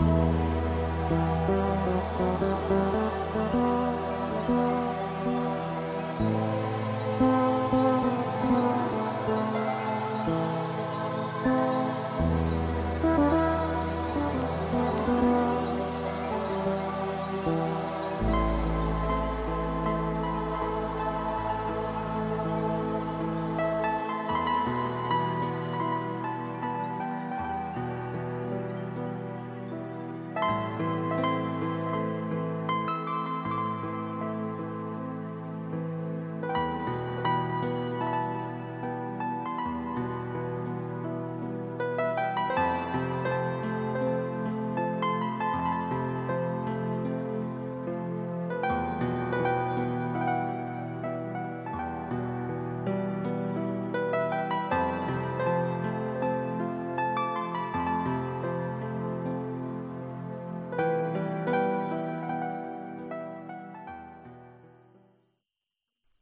Thank you.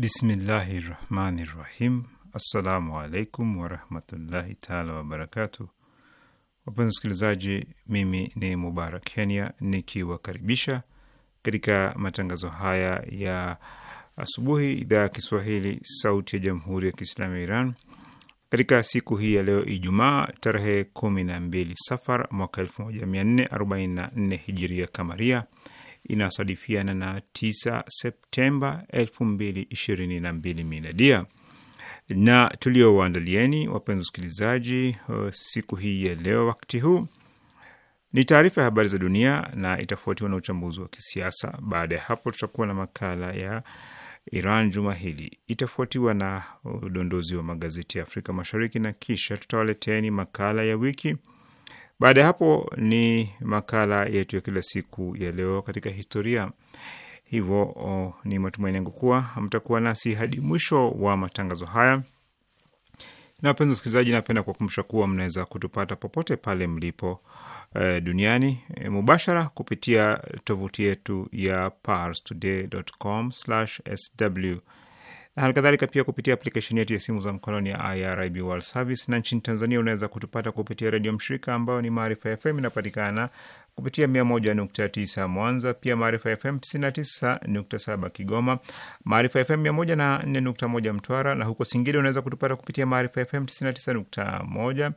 Bismillahi rahmani rahim. Assalamu alaikum warahmatullahi taala wabarakatu. Wapenzi wasikilizaji, mimi ni Mubarak Kenya nikiwakaribisha katika matangazo haya ya asubuhi, idhaa ya Kiswahili sauti ya jamhuri ya Kiislamu ya Iran katika siku hii ya leo Ijumaa tarehe kumi na mbili Safar mwaka elfu moja mia nne arobaini na nne hijiria kamaria inasadifiana na 9 Septemba 2022 miladia. Na tuliowaandalieni wapenzi wasikilizaji, uh, siku hii ya leo wakati huu ni taarifa ya habari za dunia na itafuatiwa na uchambuzi wa kisiasa. Baada ya hapo, tutakuwa na makala ya Iran juma hili, itafuatiwa na udondozi wa magazeti ya Afrika Mashariki na kisha tutawaleteeni makala ya wiki baada ya hapo ni makala yetu ya kila siku ya leo katika historia. Hivyo oh, ni matumaini yangu kuwa mtakuwa nasi hadi mwisho wa matangazo haya. Na wapenzi wasikilizaji, napenda kuwakumbusha kuwa mnaweza kutupata popote pale mlipo eh, duniani eh, mubashara kupitia tovuti yetu ya parstoday.com/sw Halikadhalika pia kupitia aplikesheni yetu ya simu za mkononi ya IRIB World Service, na nchini Tanzania unaweza kutupata kupitia redio mshirika ambayo ni Maarifa FM, inapatikana kupitia 101.9 Mwanza, pia Maarifa FM 99.7 Kigoma, Maarifa FM 104.1 Mtwara, na huko Singida unaweza kutupata kupitia Maarifa FM 99.1.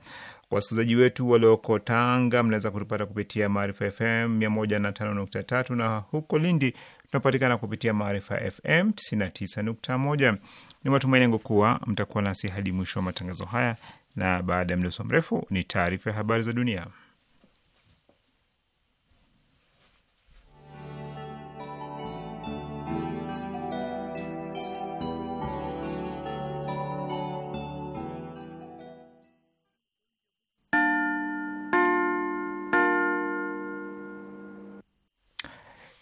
Kwa wasikilizaji wetu walioko Tanga, mnaweza kutupata kupitia Maarifa FM 105.3, na huko Lindi tunapatikana kupitia Maarifa FM 99.1. Ni matumaini yangu kuwa mtakuwa nasi hadi mwisho wa matangazo haya, na baada ya mdoso mrefu ni taarifa ya habari za dunia.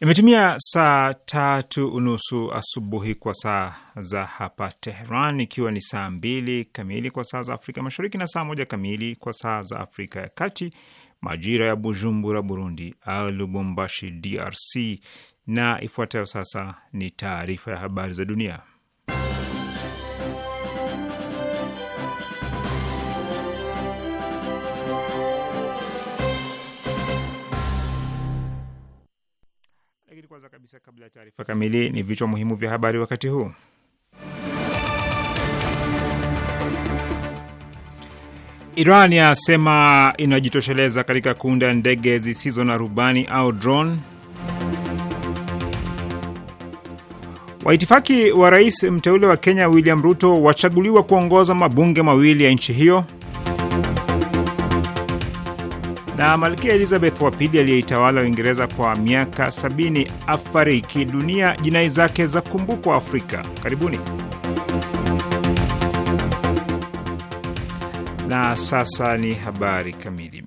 Imetumia saa tatu unusu asubuhi kwa saa za hapa Tehran, ikiwa ni saa mbili kamili kwa saa za Afrika Mashariki na saa moja kamili kwa saa za Afrika ya Kati, majira ya Bujumbura Burundi au Lubumbashi DRC. Na ifuatayo sasa ni taarifa ya habari za dunia. kwanza kabisa, kabla ya taarifa kamili, ni vichwa muhimu vya habari wakati huu. Iran yasema inajitosheleza katika kuunda ndege zisizo na rubani au drone. Waitifaki wa rais mteule wa Kenya William Ruto wachaguliwa kuongoza mabunge mawili ya nchi hiyo na Malkia Elizabeth wa pili aliyeitawala Uingereza kwa miaka sabini afariki dunia. Jinai zake za kumbukwa Afrika. Karibuni. Na sasa ni habari kamili.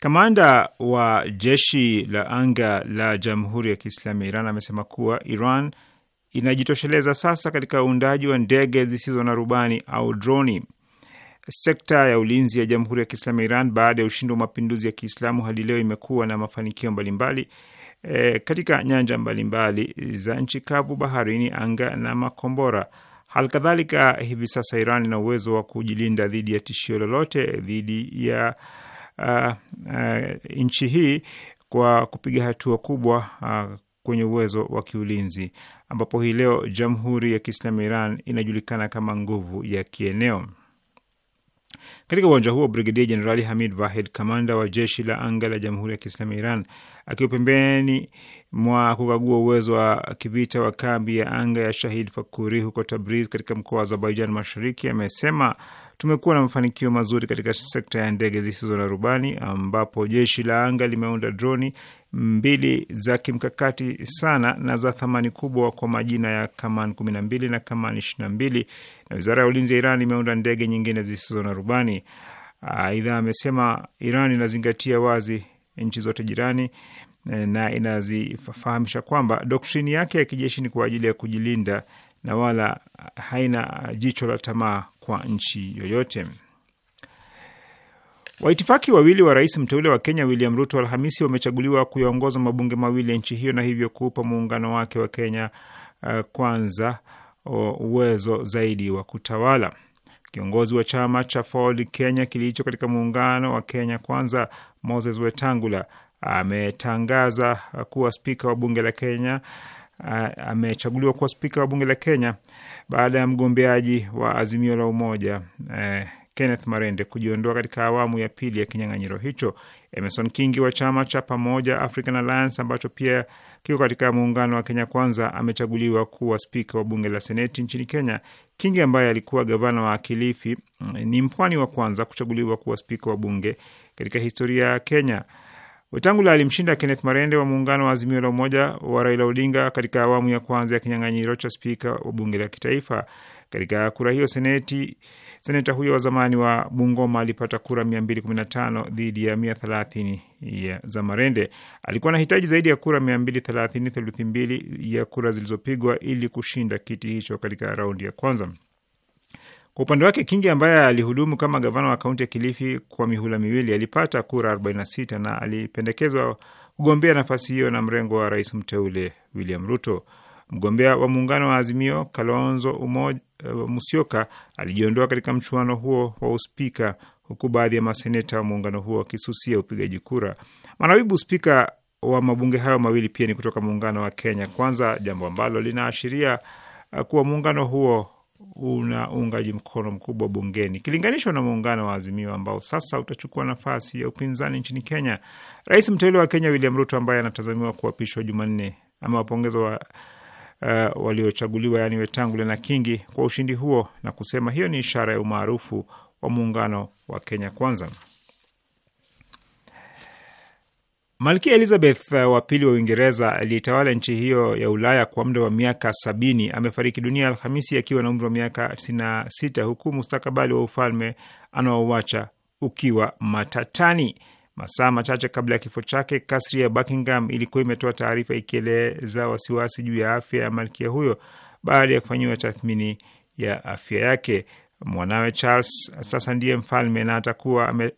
Kamanda wa jeshi la anga la Jamhuri ya Kiislamu ya Iran amesema kuwa Iran inajitosheleza sasa katika uundaji wa ndege zisizo na rubani au droni. Sekta ya ulinzi ya Jamhuri ya Kiislamu ya Iran baada ya ushindi wa mapinduzi ya Kiislamu hadi leo imekuwa na mafanikio mbalimbali e, katika nyanja mbalimbali za nchi kavu, baharini, anga na makombora. Halikadhalika, hivi sasa Iran ina uwezo wa kujilinda dhidi ya tishio lolote dhidi ya uh, uh, nchi hii kwa kupiga hatua kubwa uh, kwenye uwezo wa kiulinzi ambapo hii leo Jamhuri ya Kiislamu ya Iran inajulikana kama nguvu ya kieneo. Katika uwanja huo, Brigedia Jenerali Hamid Vahid, kamanda wa jeshi la anga la Jamhuri ya Kiislamu ya Iran, akiwa pembeni mwa kukagua uwezo wa kivita wa kambi ya anga ya Shahid Fakuri huko Tabriz katika mkoa wa Azerbaijan Mashariki, amesema tumekuwa na mafanikio mazuri katika sekta ya ndege zisizo na rubani, ambapo jeshi la anga limeunda droni mbili za kimkakati sana na za thamani kubwa kwa majina ya Kaman 12 na Kaman 22 wizara ya ulinzi ya Iran imeunda ndege nyingine zisizo na rubani. Aidha, amesema Iran inazingatia wazi nchi zote jirani e, na inazifahamisha kwamba doktrini yake ya kijeshi ni kwa ajili ya kujilinda na wala haina jicho la tamaa kwa nchi yoyote. Waitifaki wawili wa rais mteule wa Kenya William Ruto Alhamisi wamechaguliwa kuyaongoza mabunge mawili ya nchi hiyo na hivyo kuupa muungano wake wa Kenya uh, kwanza uwezo zaidi wa kutawala. Kiongozi wa chama cha Ford Kenya kilicho katika muungano wa Kenya Kwanza, Moses Wetangula ametangaza kuwa spika wa bunge la Kenya amechaguliwa kuwa spika wa bunge la Kenya baada ya mgombeaji wa Azimio la Umoja eh, Kenneth Marende kujiondoa katika awamu ya pili ya kinyang'anyiro hicho. Emerson Kingi wa chama cha Pamoja African Alliance ambacho pia akiwa katika muungano wa Kenya Kwanza amechaguliwa kuwa spika wa bunge la seneti nchini Kenya. Kingi ambaye alikuwa gavana wa Kilifi mm, ni mpwani wa kwanza kuchaguliwa kuwa spika wa bunge katika historia ya Kenya. Wetangula alimshinda Kenneth Marende wa muungano wa Azimio la Umoja wa Raila Odinga katika awamu ya kwanza ya kinyang'anyiro cha spika wa bunge la kitaifa. Katika kura hiyo, seneti Seneta huyo wa zamani wa Bungoma alipata kura 215 dhidi ya 130 ya za Marende. Alikuwa anahitaji zaidi ya kura 230, theluthi mbili ya kura zilizopigwa ili kushinda kiti hicho katika raundi ya kwanza. Kwa upande wake Kingi, ambaye alihudumu kama gavana wa kaunti ya Kilifi kwa mihula miwili, alipata kura 46 na alipendekezwa kugombea nafasi hiyo na mrengo wa rais mteule William Ruto. Mgombea wa muungano wa Azimio Kalonzo Umoja, uh, Musyoka alijiondoa katika mchuano huo wa uspika huku baadhi ya maseneta wa muungano huo wakisusia upigaji kura. Manaibu spika wa mabunge hayo mawili pia ni kutoka muungano wa Kenya Kwanza, jambo ambalo linaashiria eh, kuwa muungano huo una uungaji mkono mkubwa bungeni ikilinganishwa na muungano wa Azimio ambao sasa utachukua nafasi ya upinzani nchini Kenya. Rais mteule wa Kenya William Ruto ambaye anatazamiwa kuapishwa Jumanne amewapongeza wa uh, waliochaguliwa yani Wetangule na Kingi kwa ushindi huo na kusema hiyo ni ishara ya umaarufu wa muungano wa Kenya Kwanza. Malkia Elizabeth uh, wa pili wa Uingereza aliyetawala nchi hiyo ya Ulaya kwa muda wa miaka sabini amefariki dunia Alhamisi akiwa na umri wa miaka 96 huku mustakabali wa ufalme anaowacha ukiwa matatani. Masaa machache kabla ya kifo chake, kasri ya Buckingham ilikuwa imetoa taarifa ikieleza wasiwasi juu ya afya ya malkia huyo baada ya kufanyiwa tathmini ya afya yake. Mwanawe Charles sasa ndiye mfalme na atakuwa ame,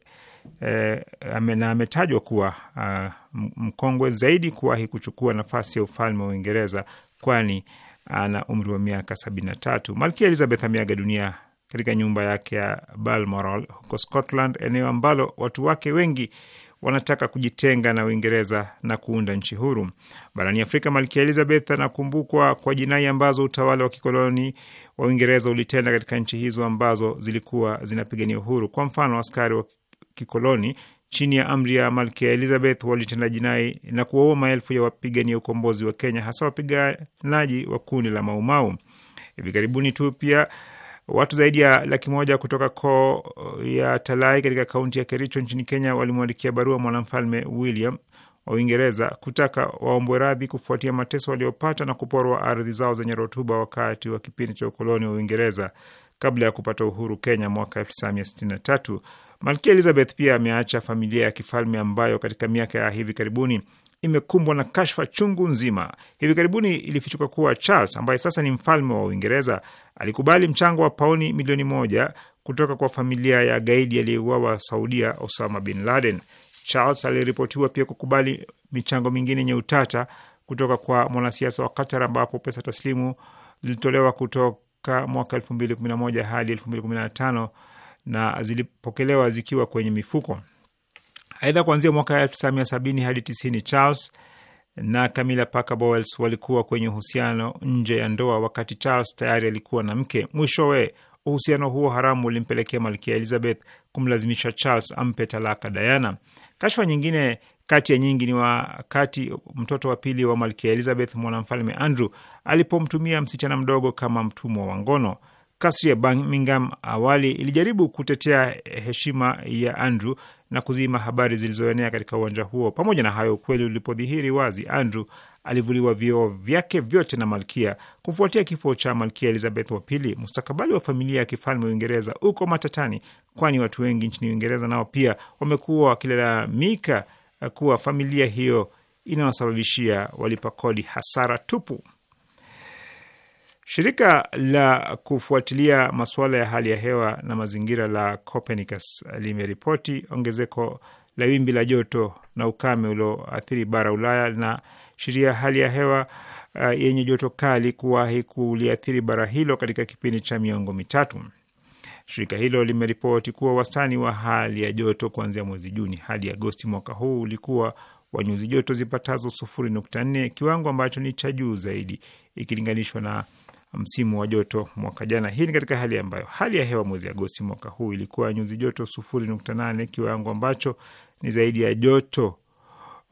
eh, ame, na ametajwa kuwa uh, mkongwe zaidi kuwahi kuchukua nafasi ya ufalme wa Uingereza, kwani ana umri wa miaka sabini na tatu. Malkia Elizabeth ameaga dunia katika nyumba yake ya Balmoral huko Scotland, eneo ambalo watu wake wengi wanataka kujitenga na Uingereza na kuunda nchi huru barani Afrika. Malkia Elizabeth anakumbukwa kwa jinai ambazo utawala wa kikoloni wa Uingereza ulitenda katika nchi hizo ambazo zilikuwa zinapigania uhuru. Kwa mfano, askari wa kikoloni chini ya amri ya Malkia Elizabeth walitenda jinai na kuwaua maelfu ya wapigania ukombozi wa Kenya, hasa wapiganaji wa kundi la Maumau. Hivi karibuni tu pia Watu zaidi ya laki moja kutoka koo ya Talai katika kaunti ya Kericho nchini Kenya walimwandikia barua mwanamfalme William wa Uingereza kutaka waombwe radhi kufuatia mateso waliopata na kuporwa ardhi zao zenye rutuba wakati wa kipindi cha ukoloni wa Uingereza kabla ya kupata uhuru Kenya mwaka 1963. Malkia Elizabeth pia ameacha familia ya kifalme ambayo katika miaka ya hivi karibuni imekumbwa na kashfa chungu nzima. Hivi karibuni ilifichuka kuwa Charles ambaye sasa ni mfalme wa Uingereza alikubali mchango wa pauni milioni moja kutoka kwa familia ya gaidi aliyeuawa Saudia, Osama bin Laden. Charles aliripotiwa pia kukubali michango mingine yenye utata kutoka kwa mwanasiasa wa Qatar, ambapo pesa taslimu zilitolewa kutoka mwaka 2011 hadi 2015 na zilipokelewa zikiwa kwenye mifuko. Aidha, kuanzia mwaka 1970 hadi 90 Charles na Camilla Parker Bowles walikuwa kwenye uhusiano nje ya ndoa, wakati Charles tayari alikuwa na mke. Mwishowe uhusiano huo haramu ulimpelekea malkia Elizabeth kumlazimisha Charles ampe talaka Diana. Kashfa nyingine kati ya nyingi ni wakati mtoto wa pili wa malkia Elizabeth, mwanamfalme Andrew, alipomtumia msichana mdogo kama mtumwa wa ngono. Kasri ya Birmingham awali ilijaribu kutetea heshima ya Andrew na kuzima habari zilizoenea katika uwanja huo. Pamoja na hayo, ukweli ulipodhihiri wazi, Andrew alivuliwa vioo vyake vyote na malkia kufuatia kifo cha malkia Elizabeth wa pili. Mustakabali wa familia ya kifalme Uingereza uko matatani, kwani watu wengi nchini Uingereza nao pia wamekuwa wakilalamika kuwa familia hiyo inawasababishia walipa kodi hasara tupu. Shirika la kufuatilia masuala ya hali ya hewa na mazingira la Copernicus limeripoti ongezeko la wimbi la joto na ukame ulioathiri bara Ulaya na sheria hali ya hewa uh, yenye joto kali kuwahi kuliathiri bara hilo katika kipindi cha miongo mitatu. Shirika hilo limeripoti kuwa wastani wa hali ya joto kuanzia mwezi Juni hadi Agosti mwaka huu ulikuwa wa nyuzi joto zipatazo sufuri nukta nne, kiwango ambacho ni cha juu zaidi ikilinganishwa na msimu wa joto mwaka jana. Hii ni katika hali ambayo hali ya hewa mwezi Agosti mwaka huu ilikuwa nyuzi joto sufuri nukta nane, kiwango ambacho ni zaidi ya joto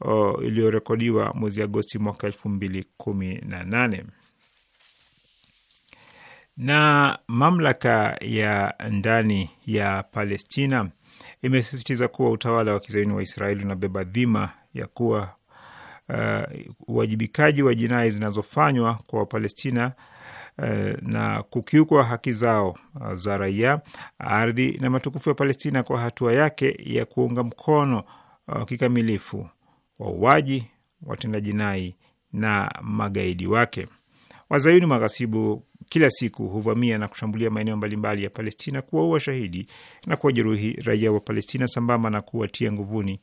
uh, iliyorekodiwa mwezi Agosti mwaka elfu mbili kumi na nane na mamlaka ya ndani ya Palestina imesisitiza kuwa utawala wa kizayuni wa Israeli unabeba dhima ya kuwa uh, uwajibikaji wa jinai zinazofanywa kwa Wapalestina Eh, na kukiukwa haki zao eh, za raia, ardhi na matukufu ya Palestina kwa hatua yake ya kuunga mkono eh, kikamilifu wauaji, watenda jinai na magaidi wake. Wazayuni maghasibu kila siku huvamia na kushambulia maeneo mbalimbali ya Palestina, kuwaua shahidi na kuwajeruhi raia wa Palestina sambamba na kuwatia nguvuni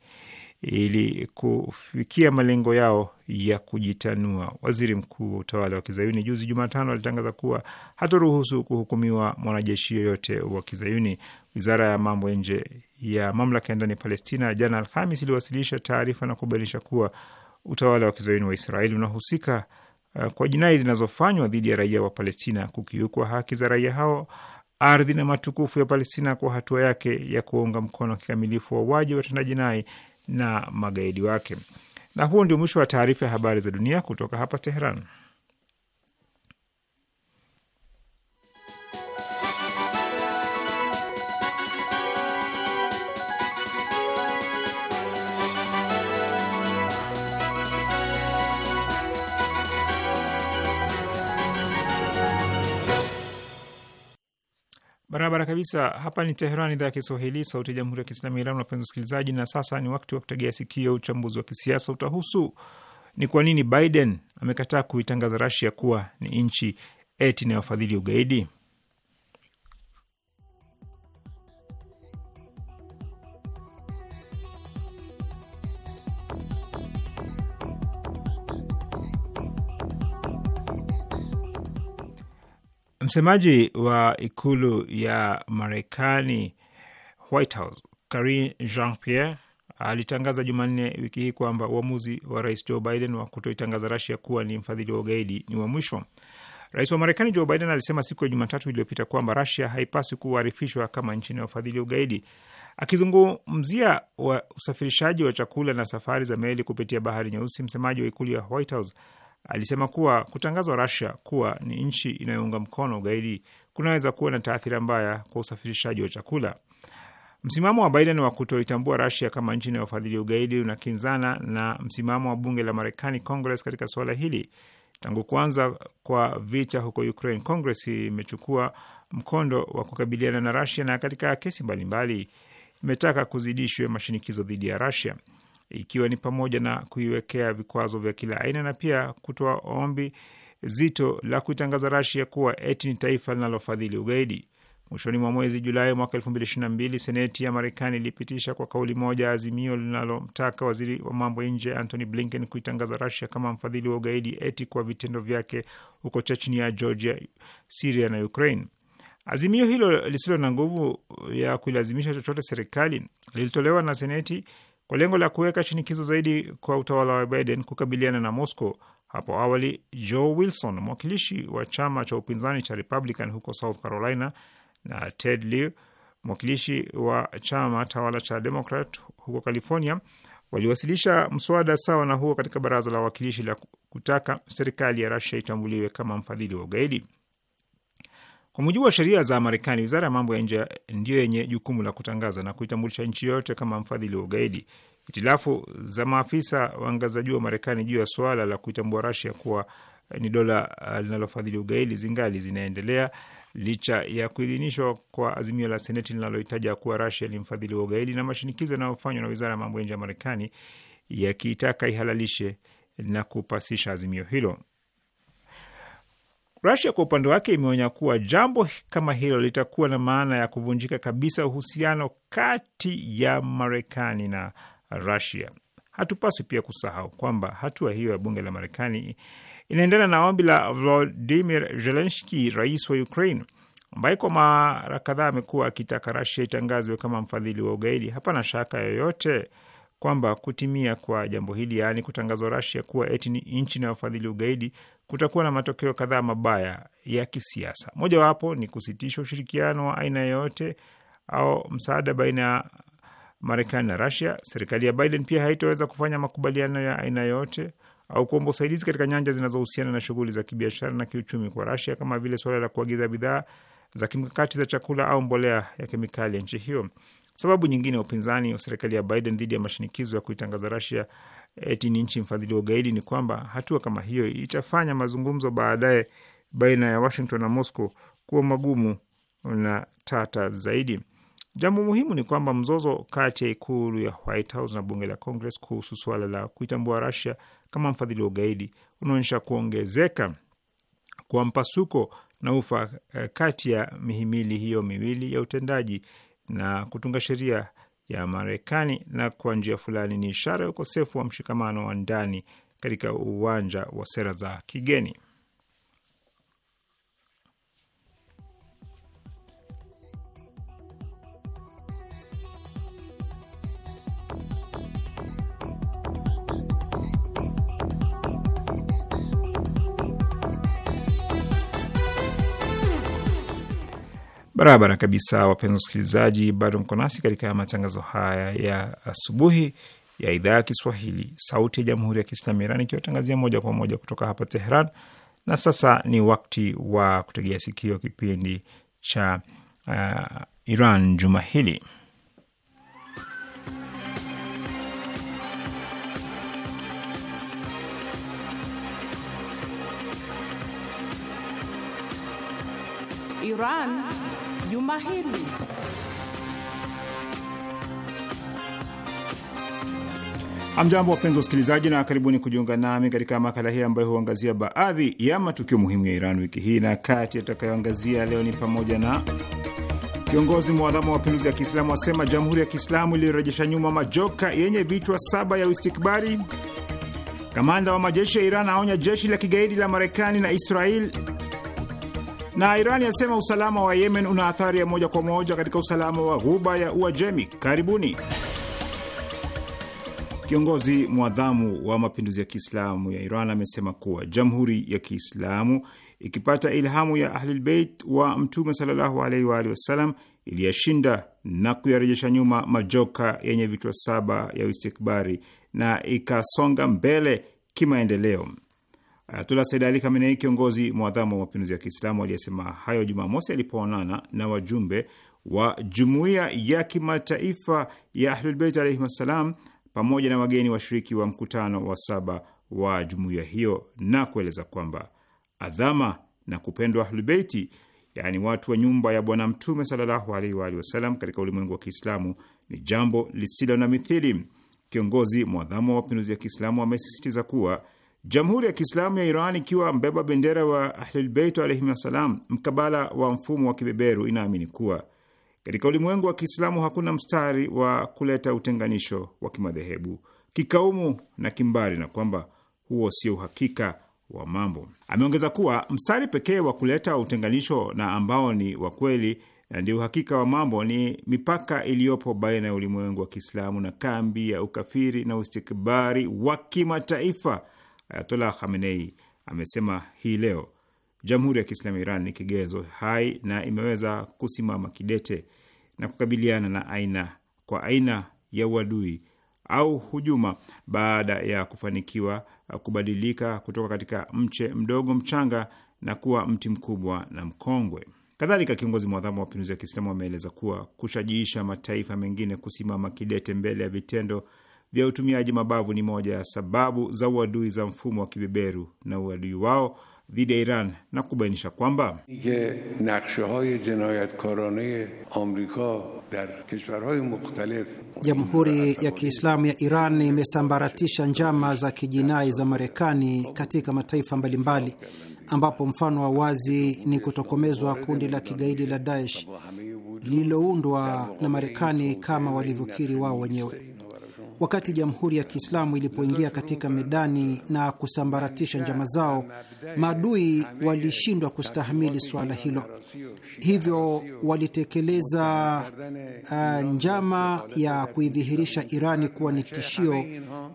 ili kufikia malengo yao ya kujitanua. Waziri mkuu wa utawala wa kizayuni juzi Jumatano alitangaza kuwa hatoruhusu kuhukumiwa mwanajeshi yoyote wa kizayuni. Wizara ya mambo ya nje ya mamlaka ya ndani ya Palestina jana Alhamis iliwasilisha taarifa na kubainisha kuwa utawala wa kizayuni wa Israeli unahusika uh, kwa jinai zinazofanywa dhidi ya raia wa Palestina, kukiukwa haki za raia hao, ardhi na matukufu ya Palestina, kwa hatua yake ya kuunga mkono kikamilifu wauaji, watenda jinai na magaidi wake. Na huo ndio mwisho wa taarifa ya habari za dunia kutoka hapa Teheran. Barabara kabisa. Hapa ni Teheran, idhaa ya Kiswahili, sauti ya jamhuri ya kiislamu ya Iran. Wapenzi wasikilizaji, na sasa ni wakati wa kutegea sikio. Uchambuzi wa kisiasa utahusu ni kwa nini Biden amekataa kuitangaza Rasia kuwa ni nchi eti inayofadhili ugaidi. Msemaji wa ikulu ya Marekani, White House, Karine Jean Pierre alitangaza Jumanne wiki hii kwamba uamuzi wa rais Joe Biden wa kutoitangaza Rasia kuwa ni mfadhili wa ugaidi ni wa mwisho. Rais wa Marekani Joe Biden alisema siku ya Jumatatu iliyopita kwamba Rasia haipaswi kuarifishwa kama nchi inayofadhili ugaidi. Akizungumzia usafirishaji wa chakula na safari za meli kupitia bahari nyeusi, msemaji wa ikulu ya White House alisema kuwa kutangazwa rasia kuwa ni nchi inayounga mkono ugaidi kunaweza kuwa na taathira mbaya kwa usafirishaji wa chakula. Msimamo wa Biden wa kutoitambua rasia kama nchi inayofadhili ugaidi unakinzana na msimamo wa bunge la Marekani, Congress, katika suala hili. Tangu kuanza kwa vita huko Ukraine, Congress imechukua mkondo wa kukabiliana na rasia na katika kesi mbalimbali imetaka kuzidishwe mashinikizo dhidi ya rasia ikiwa ni pamoja na kuiwekea vikwazo vya kila aina na pia kutoa ombi zito la kuitangaza Rasia kuwa eti ni taifa linalofadhili ugaidi. Mwishoni mwa mwezi Julai mwaka elfu mbili ishirini na mbili, seneti ya Marekani ilipitisha kwa kauli moja azimio linalomtaka waziri wa mambo ya nje Antony Blinken kuitangaza Rasia kama mfadhili wa ugaidi eti kwa vitendo vyake huko Chechnia, Georgia, Siria na Ukraine. Azimio hilo lisilo na nguvu ya kuilazimisha chochote serikali lilitolewa na seneti kwa lengo la kuweka shinikizo zaidi kwa utawala wa Biden kukabiliana na Moscow. Hapo awali, Joe Wilson, mwakilishi wa chama cha upinzani cha Republican huko South Carolina, na Ted Lieu, mwakilishi wa chama tawala cha Democrat huko California, waliwasilisha mswada sawa na huo katika baraza la wawakilishi la kutaka serikali ya rasia itambuliwe kama mfadhili wa ugaidi. Kwa mujibu wa sheria za Marekani, wizara ya mambo ya nje ndiyo yenye jukumu la kutangaza na kuitambulisha nchi yoyote kama mfadhili wa ugaidi. Hitilafu za maafisa wa ngazi juu wa Marekani juu ya suala la kuitambua Rasia kuwa ni dola uh, linalofadhili ugaidi zingali zinaendelea licha ya kuidhinishwa kwa azimio la Seneti linalohitaja kuwa Rasia ni mfadhili wa ugaidi na mashinikizo yanayofanywa na wizara ya mambo ya nje ya Marekani yakiitaka ihalalishe na kupasisha azimio hilo. Rusia kwa upande wake imeonya kuwa jambo kama hilo litakuwa na maana ya kuvunjika kabisa uhusiano kati ya Marekani na Rusia. Hatupaswi pia kusahau kwamba hatua hiyo ya bunge la Marekani inaendana na ombi la Volodimir Zelenski, rais wa Ukraine, ambaye kwa mara kadhaa amekuwa akitaka Rasia itangazwe kama mfadhili wa ugaidi. Hapana shaka yoyote kwamba kutimia kwa jambo hili, yaani kutangazwa Rasia kuwa eti ni nchi inayofadhili ugaidi, kutakuwa na matokeo kadhaa mabaya ya kisiasa. Mojawapo ni kusitisha ushirikiano wa aina yoyote au msaada baina ya Marekani na Rusia. Serikali ya Biden pia haitoweza kufanya makubaliano ya aina yoyote au kuomba usaidizi katika nyanja zinazohusiana na shughuli za kibiashara na kiuchumi kwa Rusia, kama vile suala la kuagiza bidhaa za kimkakati za chakula au mbolea ya kemikali ya nchi hiyo. Sababu nyingine ya upinzani wa serikali ya Biden dhidi ya mashinikizo ya kuitangaza Rasia eti ni nchi mfadhili wa ugaidi ni kwamba hatua kama hiyo itafanya mazungumzo baadaye baina ya Washington na Moscow kuwa magumu na tata zaidi. Jambo muhimu ni kwamba mzozo kati ya ikulu ya White House na bunge la Congress kuhusu suala la kuitambua Rasia kama mfadhili wa ugaidi unaonyesha kuongezeka kwa mpasuko na ufa eh, kati ya mihimili hiyo miwili ya utendaji na kutunga sheria ya Marekani, na kwa njia fulani ni ishara ya ukosefu wa mshikamano wa ndani katika uwanja wa sera za kigeni. Barabara kabisa, wapenzi wasikilizaji, bado mko nasi katika matangazo haya ya asubuhi ya idhaa ya Kiswahili, Sauti ya Jamhuri ya Kiislamu Iran, ikiwatangazia moja kwa moja kutoka hapa Teheran. Na sasa ni wakti wa kutegea sikio kipindi cha uh, Iran juma hili. Iran juma hili. Amjambo, wapenzi wa usikilizaji, na karibuni kujiunga nami katika makala hii ambayo huangazia baadhi ya matukio muhimu ya Iran wiki hii, na kati yatakayoangazia leo ni pamoja na kiongozi mwadhamu wa mapinduzi ya Kiislamu asema jamhuri ya Kiislamu iliyorejesha nyuma majoka yenye vichwa saba ya uistikbari; kamanda wa majeshi ya Iran aonya jeshi la kigaidi la Marekani na Israel na Iran yasema usalama wa Yemen una athari ya moja kwa moja katika usalama wa ghuba ya Uajemi. Karibuni. Kiongozi mwadhamu wa mapinduzi ya Kiislamu ya Iran amesema kuwa jamhuri ya Kiislamu ikipata ilhamu ya Ahlulbeit wa Mtume sallallahu alaihi wa alihi wasallam iliyashinda na kuyarejesha nyuma majoka yenye vichwa saba ya uistikbari na ikasonga mbele kimaendeleo. Eh, Ayatullah Said Ali Khamenei, kiongozi mwadhamu wa mapinduzi ya Kiislamu, aliyesema hayo Jumamosi alipoonana na wajumbe wa jumuiya ya kimataifa ya Ahlulbeit alaihim assalam pamoja na wageni washiriki wa mkutano wa saba wa jumuiya hiyo, na kueleza kwamba adhama na kupendwa Ahlulbeiti, yaani watu wa nyumba ya Bwana Mtume sallallahu alaihi wa alihi wasallam katika ulimwengu wa Kiislamu ni jambo lisilo na mithili. Kiongozi mwadhamu wa mapinduzi ya Kiislamu amesisitiza kuwa Jamhuri ya Kiislamu ya Iran ikiwa mbeba bendera wa Ahlulbeit alaihim wassalam, mkabala wa mfumo wa kibeberu, inaamini kuwa katika ulimwengu wa Kiislamu hakuna mstari wa kuleta utenganisho wa kimadhehebu, kikaumu na kimbari, na kwamba huo sio uhakika wa mambo. Ameongeza kuwa mstari pekee wa kuleta utenganisho na ambao ni wa kweli na ndio uhakika wa mambo ni mipaka iliyopo baina ya ulimwengu wa Kiislamu na kambi ya ukafiri na ustikbari wa kimataifa Ayatollah Khamenei amesema hii leo Jamhuri ya Kiislamu ya Iran ni kigezo hai na imeweza kusimama kidete na kukabiliana na aina kwa aina ya uadui au hujuma baada ya kufanikiwa kubadilika kutoka katika mche mdogo mchanga na kuwa mti mkubwa na mkongwe. Kadhalika, kiongozi mwadhamu wa mapinduzi ya Kiislamu ameeleza kuwa kushajiisha mataifa mengine kusimama kidete mbele ya vitendo vya utumiaji mabavu ni moja ya sababu za uadui za mfumo wa kibeberu na uadui wao dhidi ya Iran na kubainisha kwamba Jamhuri ya Kiislamu ya Iran imesambaratisha njama za kijinai za Marekani katika mataifa mbalimbali, ambapo mfano wa wazi ni kutokomezwa kundi la kigaidi la Daesh lililoundwa na Marekani kama walivyokiri wao wenyewe. Wakati Jamhuri ya Kiislamu ilipoingia katika medani na kusambaratisha njama zao, maadui walishindwa kustahamili suala hilo hivyo walitekeleza uh, njama ya kuidhihirisha Irani kuwa ni tishio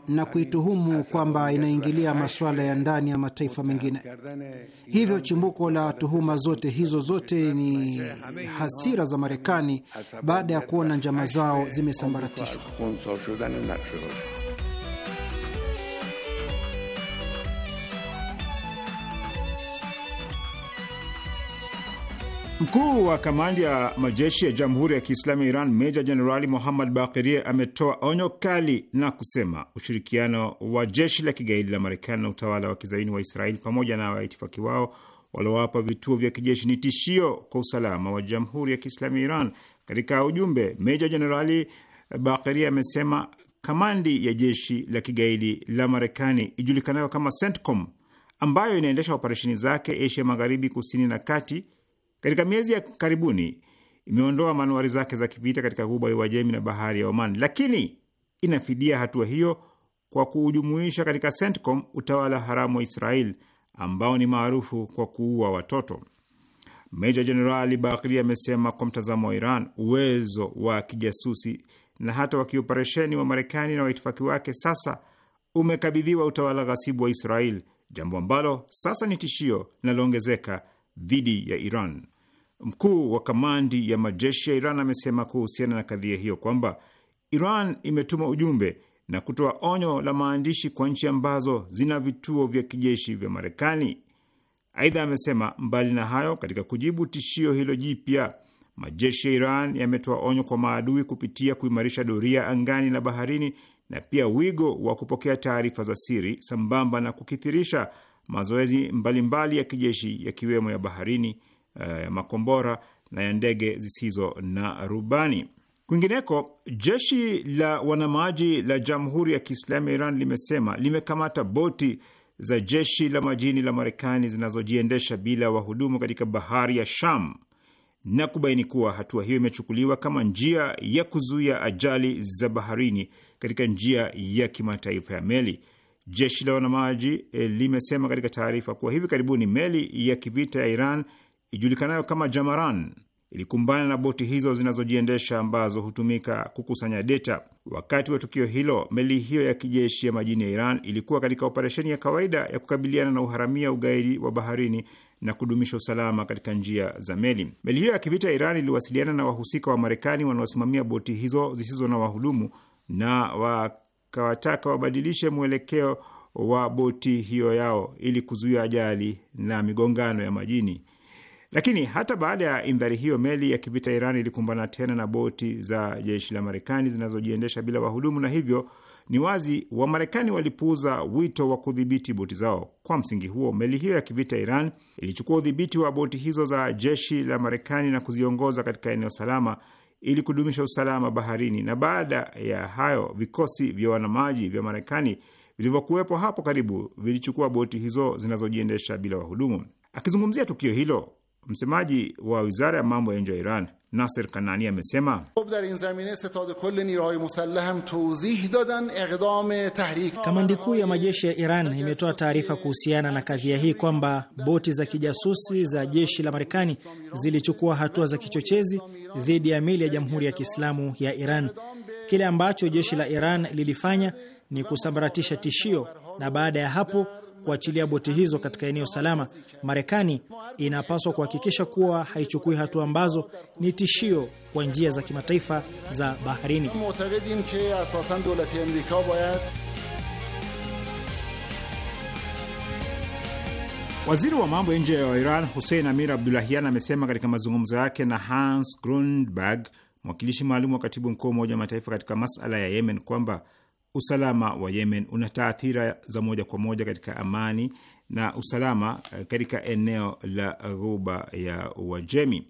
na kuituhumu kwamba inaingilia masuala ya ndani ya mataifa mengine. Hivyo chimbuko la tuhuma zote hizo zote ni hasira za Marekani baada ya kuona njama zao zimesambaratishwa. Mkuu wa kamandi ya majeshi ya Jamhuri ya Kiislamu ya Iran Meja Jenerali muhammad Bakiri, ametoa onyo kali na kusema ushirikiano wa jeshi la kigaidi la Marekani na utawala wa kizaini wa Israeli pamoja na waitifaki wao waliowapa vituo vya kijeshi ni tishio kwa usalama wa Jamhuri ya Kiislamu ya Iran. Katika ujumbe, Meja Jenerali Bakiri amesema kamandi ya jeshi la kigaidi la Marekani ijulikanayo kama CENTCOM ambayo inaendesha operesheni zake Asia Magharibi, kusini na kati katika miezi ya karibuni imeondoa manuari zake za kivita katika ghuba ya Uajemi na bahari ya Oman, lakini inafidia hatua hiyo kwa kuujumuisha katika CENTCOM, utawala haramu wa Israel ambao ni maarufu kwa kuua watoto. Meja Jenerali Bakri amesema kwa mtazamo wa Iran, uwezo wa kijasusi na hata wa kioperesheni wa Marekani na waitifaki wake sasa umekabidhiwa utawala ghasibu wa Israel, jambo ambalo sasa ni tishio linaloongezeka dhidi ya Iran. Mkuu wa kamandi ya majeshi ya Iran amesema kuhusiana na kadhia hiyo kwamba Iran imetuma ujumbe na kutoa onyo la maandishi kwa nchi ambazo zina vituo vya kijeshi vya Marekani. Aidha amesema mbali na hayo, katika kujibu tishio hilo jipya, majeshi ya Iran yametoa onyo kwa maadui kupitia kuimarisha doria angani na baharini, na pia wigo wa kupokea taarifa za siri sambamba na kukithirisha mazoezi mbalimbali mbali ya kijeshi yakiwemo ya baharini ya eh, makombora na ya ndege zisizo na rubani. Kwingineko, jeshi la wanamaji la Jamhuri ya Kiislamu ya Iran limesema limekamata boti za jeshi la majini la Marekani zinazojiendesha bila wahudumu katika bahari ya Sham na kubaini kuwa hatua hiyo imechukuliwa kama njia ya kuzuia ajali za baharini katika njia ya kimataifa ya meli. Jeshi la wanamaji eh, limesema katika taarifa kuwa hivi karibuni meli ya kivita ya Iran ijulikanayo kama Jamaran ilikumbana na boti hizo zinazojiendesha ambazo hutumika kukusanya data. Wakati wa tukio hilo, meli hiyo ya kijeshi ya majini ya Iran ilikuwa katika operesheni ya kawaida ya kukabiliana na uharamia, ugaidi wa baharini na kudumisha usalama katika njia za meli. Meli hiyo ya kivita ya Iran iliwasiliana na wahusika wa Marekani wanaosimamia boti hizo zisizo na wahudumu na wakawataka wabadilishe mwelekeo wa boti hiyo yao ili kuzuia ajali na migongano ya majini. Lakini hata baada ya indhari hiyo, meli ya kivita Iran ilikumbana tena na boti za jeshi la Marekani zinazojiendesha bila wahudumu, na hivyo ni wazi Wamarekani walipuuza wito wa kudhibiti boti zao. Kwa msingi huo, meli hiyo ya kivita Iran ilichukua udhibiti wa boti hizo za jeshi la Marekani na kuziongoza katika eneo salama ili kudumisha usalama baharini. Na baada ya hayo, vikosi vya wanamaji vya Marekani vilivyokuwepo hapo karibu vilichukua boti hizo zinazojiendesha bila wahudumu. Akizungumzia tukio hilo, Msemaji wa wizara ya mambo ya nje ya Iran Naser Kanani amesema kamandi kuu ya majeshi ya Iran imetoa taarifa kuhusiana na kadhia hii kwamba boti za kijasusi za jeshi la Marekani zilichukua hatua za kichochezi dhidi ya mili ya Jamhuri ya Kiislamu ya Iran. Kile ambacho jeshi la Iran lilifanya ni kusambaratisha tishio, na baada ya hapo kuachilia boti hizo katika eneo salama, Marekani inapaswa kuhakikisha kuwa haichukui hatua ambazo ni tishio kwa njia za kimataifa za baharini. Waziri wa mambo ya nje ya Iran Hussein Amir Abdulahian amesema katika mazungumzo yake na Hans Grundberg, mwakilishi maalum wa katibu mkuu wa Umoja wa Mataifa katika masala ya Yemen, kwamba usalama wa Yemen una taathira za moja kwa moja katika amani na usalama eh, katika eneo la Ghuba ya Uajemi.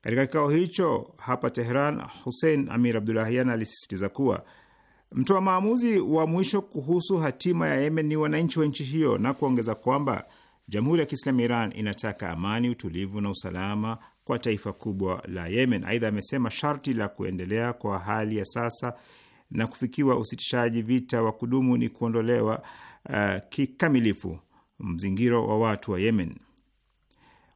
Katika kikao hicho hapa Tehran, Hussein Amir Abdulahian alisisitiza kuwa mtoa maamuzi wa mwisho kuhusu hatima ya Yemen ni wananchi wa nchi hiyo, na kuongeza kwamba Jamhuri ya Kiislamu Iran inataka amani, utulivu na usalama kwa taifa kubwa la Yemen. Aidha amesema sharti la kuendelea kwa hali ya sasa na kufikiwa usitishaji vita wa kudumu ni kuondolewa uh, kikamilifu mzingiro wa watu wa Yemen.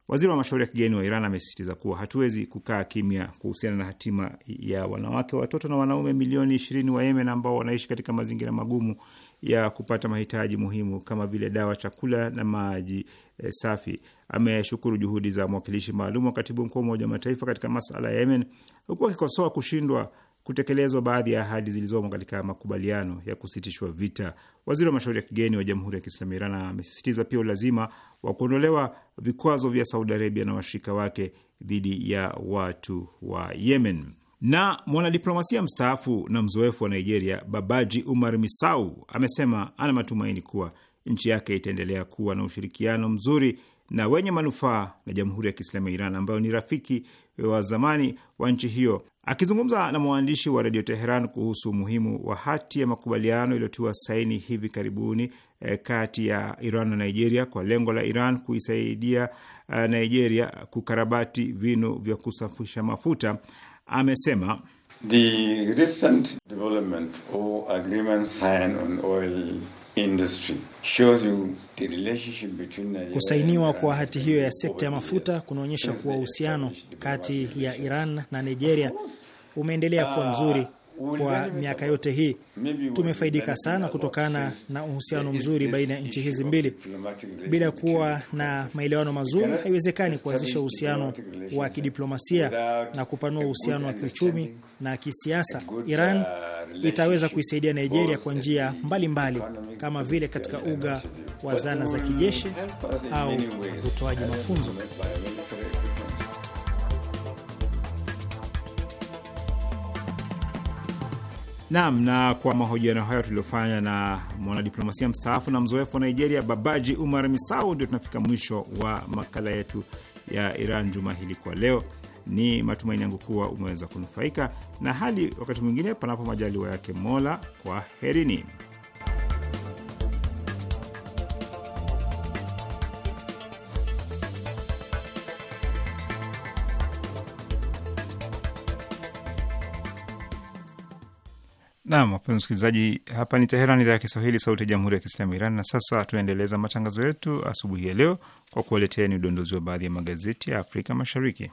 Waziri wa mashauri ya kigeni wa Iran amesisitiza kuwa hatuwezi kukaa kimya kuhusiana na hatima ya wanawake, watoto na wanaume milioni ishirini wa Yemen ambao wanaishi katika mazingira magumu ya kupata mahitaji muhimu kama vile dawa, chakula na maji e, safi. Ameshukuru juhudi za mwakilishi maalum wa katibu mkuu wa Umoja wa Mataifa katika masala ya Yemen, huku akikosoa kushindwa kutekelezwa baadhi ya ahadi zilizomo katika makubaliano ya kusitishwa vita. Waziri wa mashauri ya kigeni wa Jamhuri ya Kiislamu Iran amesisitiza pia ulazima wa kuondolewa vikwazo vya Saudi Arabia na washirika wake dhidi ya watu wa Yemen. Na mwanadiplomasia mstaafu na mzoefu wa Nigeria Babaji Umar Misau amesema ana matumaini kuwa nchi yake itaendelea kuwa na ushirikiano mzuri na wenye manufaa na Jamhuri ya Kiislamu ya Iran ambayo ni rafiki wa zamani wa nchi hiyo Akizungumza na mwandishi wa redio Teheran kuhusu umuhimu wa hati ya makubaliano iliyotiwa saini hivi karibuni eh, kati ya Iran na Nigeria kwa lengo la Iran kuisaidia uh, Nigeria kukarabati vinu vya kusafisha mafuta, amesema The recent development or agreement signed on oil Kusainiwa kwa hati hiyo ya sekta ya mafuta kunaonyesha kuwa uhusiano kati ya Iran na Nigeria umeendelea kuwa mzuri uh, kwa miaka yote hii. Tumefaidika sana kutokana na uhusiano mzuri baina ya nchi hizi mbili. Bila kuwa na maelewano mazuri, haiwezekani kuanzisha uhusiano wa kidiplomasia na kupanua uhusiano wa kiuchumi na kisiasa. Iran uh, itaweza kuisaidia Nigeria kwa njia mbalimbali kama vile katika uga wa zana za kijeshi au utoaji mafunzo. Naam, na kwa mahojiano hayo tuliofanya na mwanadiplomasia mstaafu na mzoefu wa Nigeria Babaji Umar Misau, ndio tunafika mwisho wa makala yetu ya Iran juma hili kwa leo. Ni matumaini yangu kuwa umeweza kunufaika na hadi wakati mwingine, panapo majaliwa yake Mola. Kwa herini. Nam, wapenzi msikilizaji, hapa ni Teheran, idhaa ya Kiswahili, sauti ya jamhuri ya kiislamu Iran. Na sasa tunaendeleza matangazo yetu asubuhi ya leo kwa kuwaletea ni udondozi wa baadhi ya magazeti ya Afrika Mashariki.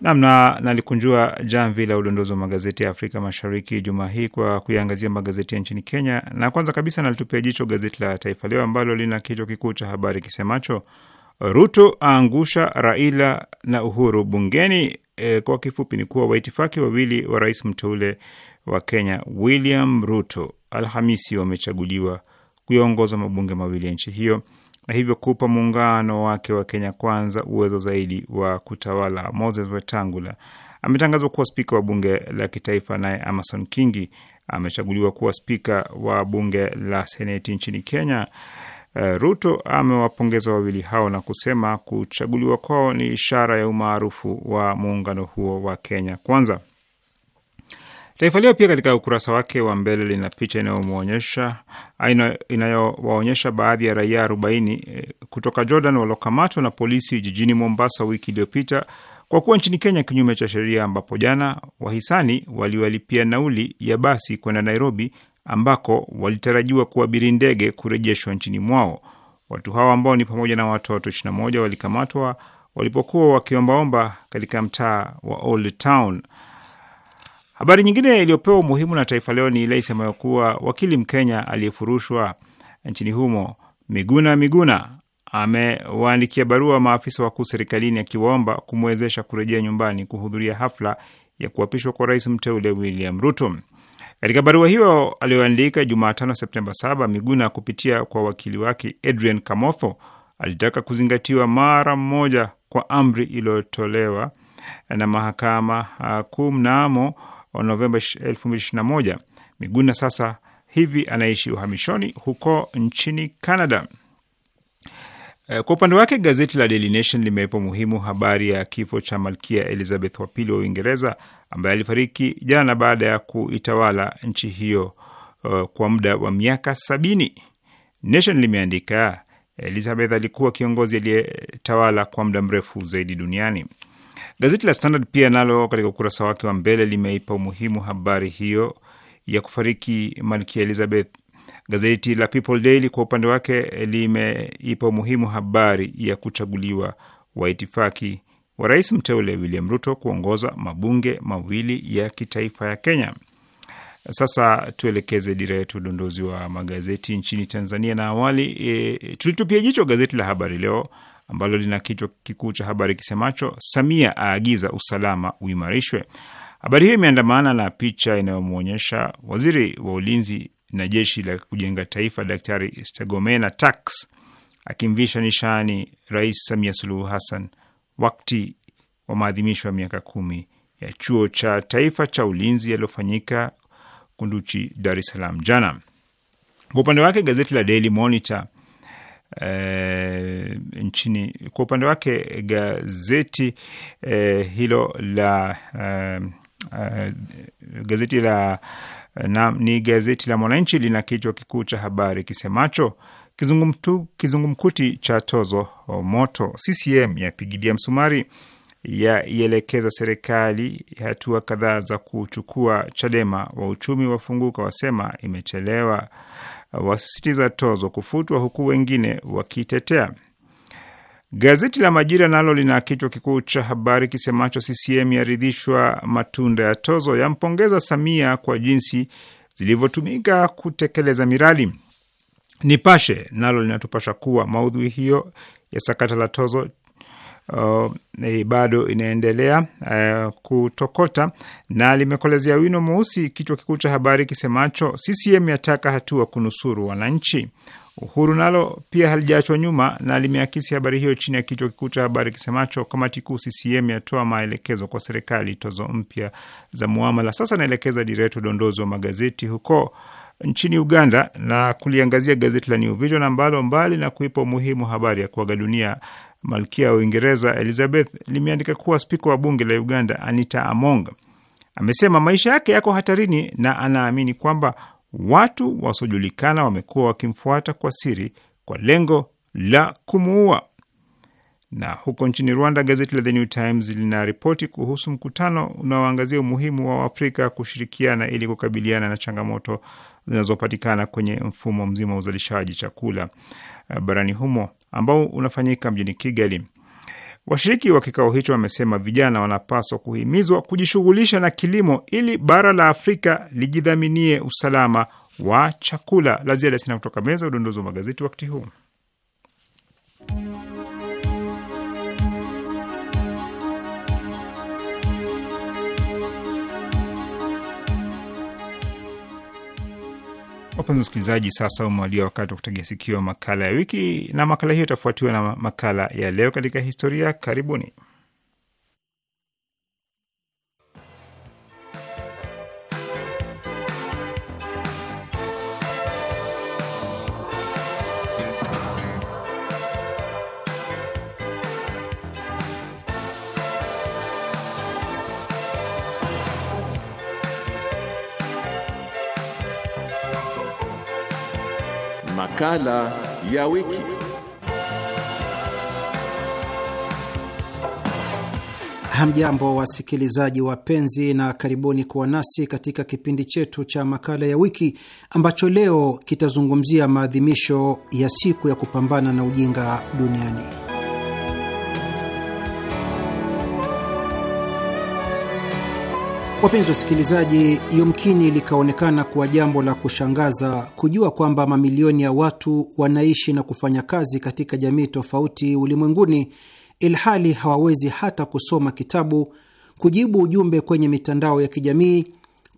Namna nalikunjua jamvi la udondozi wa magazeti ya Afrika Mashariki juma hii kwa kuiangazia magazeti ya nchini Kenya, na kwanza kabisa nalitupia jicho gazeti la Taifa Leo ambalo lina kichwa kikuu cha habari kisemacho Ruto aangusha Raila na Uhuru bungeni. E, kwa kifupi ni kuwa waitifaki wawili wa rais mteule wa Kenya William Ruto Alhamisi wamechaguliwa kuyaongoza mabunge mawili ya nchi hiyo na hivyo kupa muungano wake wa Kenya Kwanza uwezo zaidi wa kutawala. Moses Wetangula ametangazwa kuwa spika wa bunge la kitaifa, naye Amason Kingi amechaguliwa kuwa spika wa bunge la seneti nchini Kenya. Eh, Ruto amewapongeza wawili hao na kusema kuchaguliwa kwao ni ishara ya umaarufu wa muungano huo wa Kenya Kwanza. Taifa Leo pia katika ukurasa wake wa mbele lina picha inayomwonyesha inayowaonyesha baadhi ya raia 40 eh, kutoka Jordan waliokamatwa na polisi jijini Mombasa wiki iliyopita kwa kuwa nchini Kenya kinyume cha sheria, ambapo jana wahisani waliwalipia nauli ya basi kwenda Nairobi ambako walitarajiwa kuabiri ndege kurejeshwa nchini mwao. Watu hao ambao ni pamoja na watoto 21 walikamatwa walipokuwa wakiombaomba katika mtaa wa Old Town Habari nyingine iliyopewa umuhimu na Taifa Leo ni ile isemayo kuwa wakili Mkenya aliyefurushwa nchini humo Miguna Miguna amewaandikia barua maafisa wakuu serikalini akiwaomba kumwezesha kurejea nyumbani kuhudhuria hafla ya kuapishwa kwa rais mteule William Ruto. Katika barua hiyo aliyoandika Jumatano Septemba 7, Miguna kupitia kwa wakili wake Adrian Kamotho alitaka kuzingatiwa mara moja kwa amri iliyotolewa na mahakama kuu mnamo wa Novemba 2021. Miguna sasa hivi anaishi uhamishoni huko nchini Canada. Eh, kwa upande wake gazeti la Daily Nation limeipa umuhimu habari ya kifo cha malkia Elizabeth wa pili wa Uingereza ambaye alifariki jana baada ya kuitawala nchi hiyo uh, kwa muda wa miaka sabini. Nation limeandika Elizabeth alikuwa kiongozi aliyetawala kwa muda mrefu zaidi duniani. Gazeti la Standard pia nalo katika ukurasa wake wa mbele limeipa umuhimu habari hiyo ya kufariki Malkia Elizabeth. Gazeti la People Daily kwa upande wake eh, limeipa umuhimu habari ya kuchaguliwa waitifaki wa rais mteule William Ruto kuongoza mabunge mawili ya kitaifa ya Kenya. Sasa tuelekeze dira yetu udondozi wa magazeti nchini Tanzania, na awali e, tulitupia jicho gazeti la Habari Leo ambalo lina kichwa kikuu cha habari kisemacho Samia aagiza usalama uimarishwe. Habari hiyo imeandamana na picha inayomwonyesha waziri wa ulinzi na jeshi la kujenga taifa Daktari Stegomena Tax akimvisha nishani Rais Samia Suluhu Hassan wakati wa maadhimisho ya miaka kumi ya chuo cha taifa cha ulinzi yaliyofanyika Kunduchi, Dar es Salaam jana. Kwa upande wake gazeti la Daily Monitor e, nchini. Kwa upande wake gazeti e, hilo la e, e, gazeti la na, ni gazeti la Mwananchi lina kichwa kikuu cha habari kisemacho kizungumtu, kizungumkuti cha tozo moto, CCM yapigilia msumari, yaielekeza serikali hatua kadhaa za kuchukua. Chadema wa uchumi wafunguka, wasema imechelewa wasisitiza tozo kufutwa, huku wengine wakitetea. Gazeti la Majira nalo lina kichwa kikuu cha habari kisemacho CCM yaridhishwa matunda ya tozo, yampongeza Samia kwa jinsi zilivyotumika kutekeleza miradi. Nipashe nalo linatupasha kuwa maudhui hiyo ya sakata la tozo uh, e, bado inaendelea uh, kutokota na limekolezea wino mweusi kichwa kikuu cha habari kisemacho CCM yataka hatua kunusuru wananchi. Uhuru nalo pia halijaachwa nyuma na limeakisi habari hiyo chini ya kichwa kikuu cha habari kisemacho kamati kuu CCM yatoa maelekezo kwa serikali tozo mpya za muamala. Sasa naelekeza dira yetu udondozi wa magazeti huko nchini Uganda na kuliangazia gazeti la New Vision ambalo mbali na kuipa umuhimu habari ya kuaga dunia malkia wa Uingereza Elizabeth limeandika kuwa spika wa bunge la Uganda Anita Among amesema maisha yake yako hatarini na anaamini kwamba watu wasiojulikana wamekuwa wakimfuata kwa siri kwa lengo la kumuua. Na huko nchini Rwanda, gazeti la The New Times linaripoti kuhusu mkutano unaoangazia umuhimu wa Afrika kushirikiana ili kukabiliana na changamoto zinazopatikana kwenye mfumo mzima wa uzalishaji chakula eh, barani humo ambao unafanyika mjini Kigali. Washiriki wa kikao hicho wamesema vijana wanapaswa kuhimizwa kujishughulisha na kilimo ili bara la Afrika lijidhaminie usalama wa chakula. La ziada sina kutoka meza udondozi wa magazeti wakati huu. Wapenzi wasikilizaji, sasa umewadia wakati wa kutegea sikio makala ya wiki, na makala hiyo itafuatiwa na makala ya leo katika historia. Karibuni. Makala ya wiki. Hamjambo wasikilizaji wapenzi, na karibuni kuwa nasi katika kipindi chetu cha makala ya wiki ambacho leo kitazungumzia maadhimisho ya siku ya kupambana na ujinga duniani. Wapenzi wasikilizaji, yumkini likaonekana kuwa jambo la kushangaza kujua kwamba mamilioni ya watu wanaishi na kufanya kazi katika jamii tofauti ulimwenguni, ilhali hawawezi hata kusoma kitabu, kujibu ujumbe kwenye mitandao ya kijamii,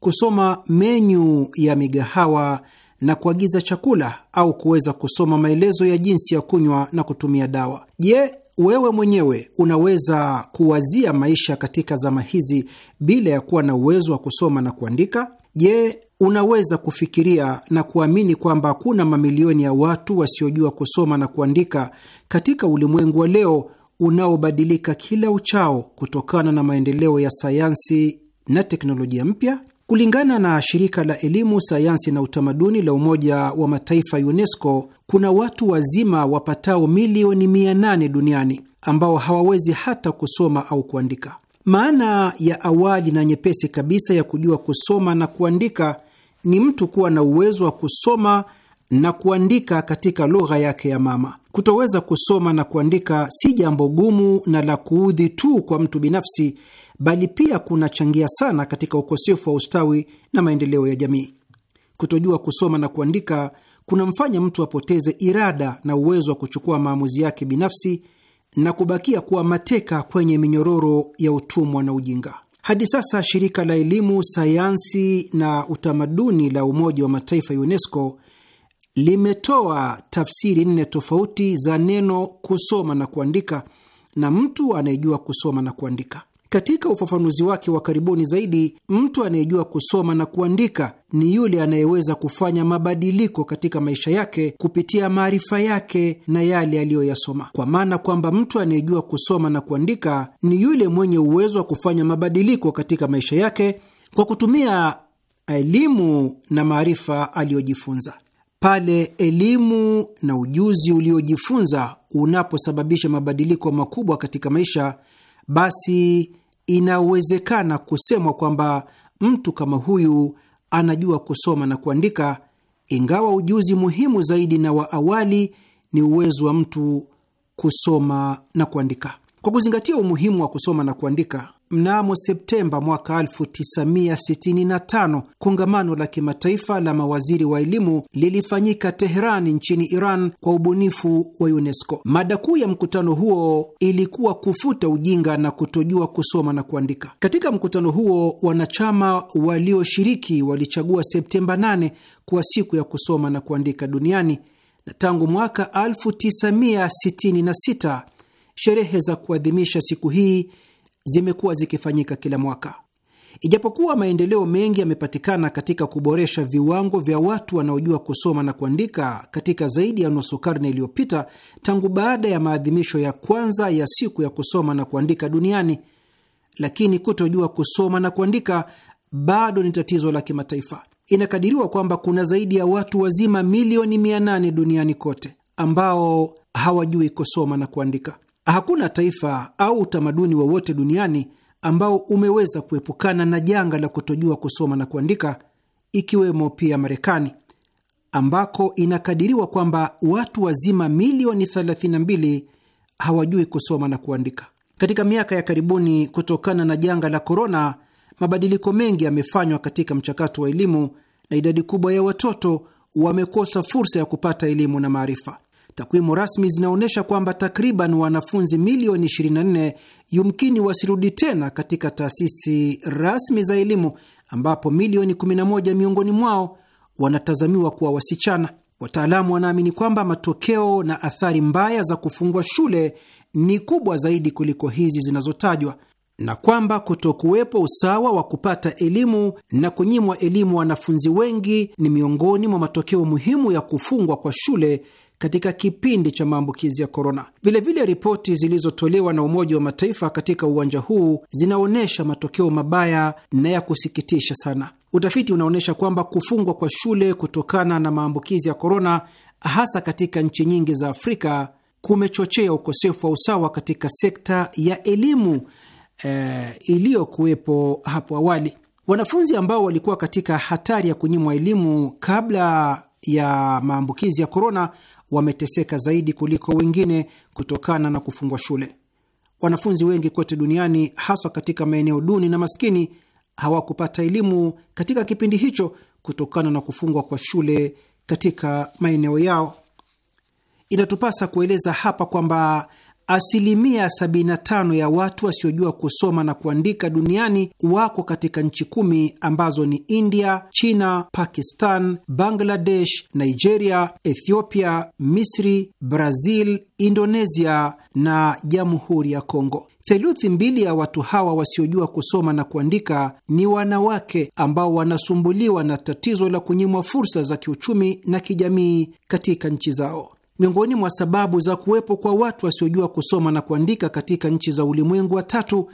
kusoma menyu ya migahawa na kuagiza chakula au kuweza kusoma maelezo ya jinsi ya kunywa na kutumia dawa. Je, wewe mwenyewe unaweza kuwazia maisha katika zama hizi bila ya kuwa na uwezo wa kusoma na kuandika? Je, unaweza kufikiria na kuamini kwamba hakuna mamilioni ya watu wasiojua kusoma na kuandika katika ulimwengu wa leo unaobadilika kila uchao kutokana na maendeleo ya sayansi na teknolojia mpya? Kulingana na shirika la elimu, sayansi na utamaduni la Umoja wa Mataifa, UNESCO, kuna watu wazima wapatao milioni 800 duniani ambao hawawezi hata kusoma au kuandika. Maana ya awali na nyepesi kabisa ya kujua kusoma na kuandika ni mtu kuwa na uwezo wa kusoma na kuandika katika lugha yake ya mama. Kutoweza kusoma na kuandika si jambo gumu na la kuudhi tu kwa mtu binafsi, bali pia kunachangia sana katika ukosefu wa ustawi na maendeleo ya jamii. Kutojua kusoma na kuandika kunamfanya mtu apoteze irada na uwezo wa kuchukua maamuzi yake binafsi na kubakia kuwa mateka kwenye minyororo ya utumwa na ujinga. Hadi sasa shirika la elimu, sayansi na utamaduni la Umoja wa Mataifa, UNESCO, limetoa tafsiri nne tofauti za neno kusoma na kuandika, na mtu anayejua kusoma na kuandika katika ufafanuzi wake wa karibuni zaidi, mtu anayejua kusoma na kuandika ni yule anayeweza kufanya mabadiliko katika maisha yake kupitia maarifa yake na yale aliyoyasoma, kwa maana kwamba mtu anayejua kusoma na kuandika ni yule mwenye uwezo wa kufanya mabadiliko katika maisha yake kwa kutumia elimu na maarifa aliyojifunza. Pale elimu na ujuzi uliojifunza unaposababisha mabadiliko makubwa katika maisha, basi inawezekana kusemwa kwamba mtu kama huyu anajua kusoma na kuandika, ingawa ujuzi muhimu zaidi na wa awali ni uwezo wa mtu kusoma na kuandika. Kwa kuzingatia umuhimu wa kusoma na kuandika, mnamo Septemba mwaka 1965 kongamano la kimataifa la mawaziri wa elimu lilifanyika Teherani nchini Iran kwa ubunifu wa UNESCO. Mada kuu ya mkutano huo ilikuwa kufuta ujinga na kutojua kusoma na kuandika. Katika mkutano huo, wanachama walioshiriki walichagua Septemba 8 kuwa siku ya kusoma na kuandika duniani na tangu mwaka 1966 sherehe za kuadhimisha siku hii zimekuwa zikifanyika kila mwaka. Ijapokuwa maendeleo mengi yamepatikana katika kuboresha viwango vya watu wanaojua kusoma na kuandika katika zaidi ya nusu karne iliyopita tangu baada ya maadhimisho ya kwanza ya siku ya kusoma na kuandika duniani, lakini kutojua kusoma na kuandika bado ni tatizo la kimataifa. Inakadiriwa kwamba kuna zaidi ya watu wazima milioni 800 duniani kote ambao hawajui kusoma na kuandika. Hakuna taifa au utamaduni wowote duniani ambao umeweza kuepukana na janga la kutojua kusoma na kuandika, ikiwemo pia Marekani ambako inakadiriwa kwamba watu wazima milioni 32 hawajui kusoma na kuandika. Katika miaka ya karibuni, kutokana na janga la korona, mabadiliko mengi yamefanywa katika mchakato wa elimu na idadi kubwa ya watoto wamekosa fursa ya kupata elimu na maarifa. Takwimu rasmi zinaonyesha kwamba takriban wanafunzi milioni 24 yumkini wasirudi tena katika taasisi rasmi za elimu, ambapo milioni 11 miongoni mwao wanatazamiwa kuwa wasichana. Wataalamu wanaamini kwamba matokeo na athari mbaya za kufungwa shule ni kubwa zaidi kuliko hizi zinazotajwa na kwamba kutokuwepo usawa wa kupata elimu na kunyimwa elimu wanafunzi wengi ni miongoni mwa matokeo muhimu ya kufungwa kwa shule katika kipindi cha maambukizi ya korona. Vilevile, ripoti zilizotolewa na Umoja wa Mataifa katika uwanja huu zinaonyesha matokeo mabaya na ya kusikitisha sana. Utafiti unaonyesha kwamba kufungwa kwa shule kutokana na maambukizi ya korona, hasa katika nchi nyingi za Afrika, kumechochea ukosefu wa usawa katika sekta ya elimu eh, iliyokuwepo hapo awali. Wanafunzi ambao walikuwa katika hatari ya kunyimwa elimu kabla ya maambukizi ya korona wameteseka zaidi kuliko wengine kutokana na kufungwa shule. Wanafunzi wengi kote duniani, haswa katika maeneo duni na maskini, hawakupata elimu katika kipindi hicho kutokana na kufungwa kwa shule katika maeneo yao. Inatupasa kueleza hapa kwamba Asilimia 75 ya watu wasiojua kusoma na kuandika duniani wako katika nchi kumi ambazo ni India, China, Pakistan, Bangladesh, Nigeria, Ethiopia, Misri, Brazil, Indonesia na Jamhuri ya Kongo. Theluthi mbili ya watu hawa wasiojua kusoma na kuandika ni wanawake ambao wanasumbuliwa na tatizo la kunyimwa fursa za kiuchumi na kijamii katika nchi zao. Miongoni mwa sababu za kuwepo kwa watu wasiojua kusoma na kuandika katika nchi za ulimwengu wa tatu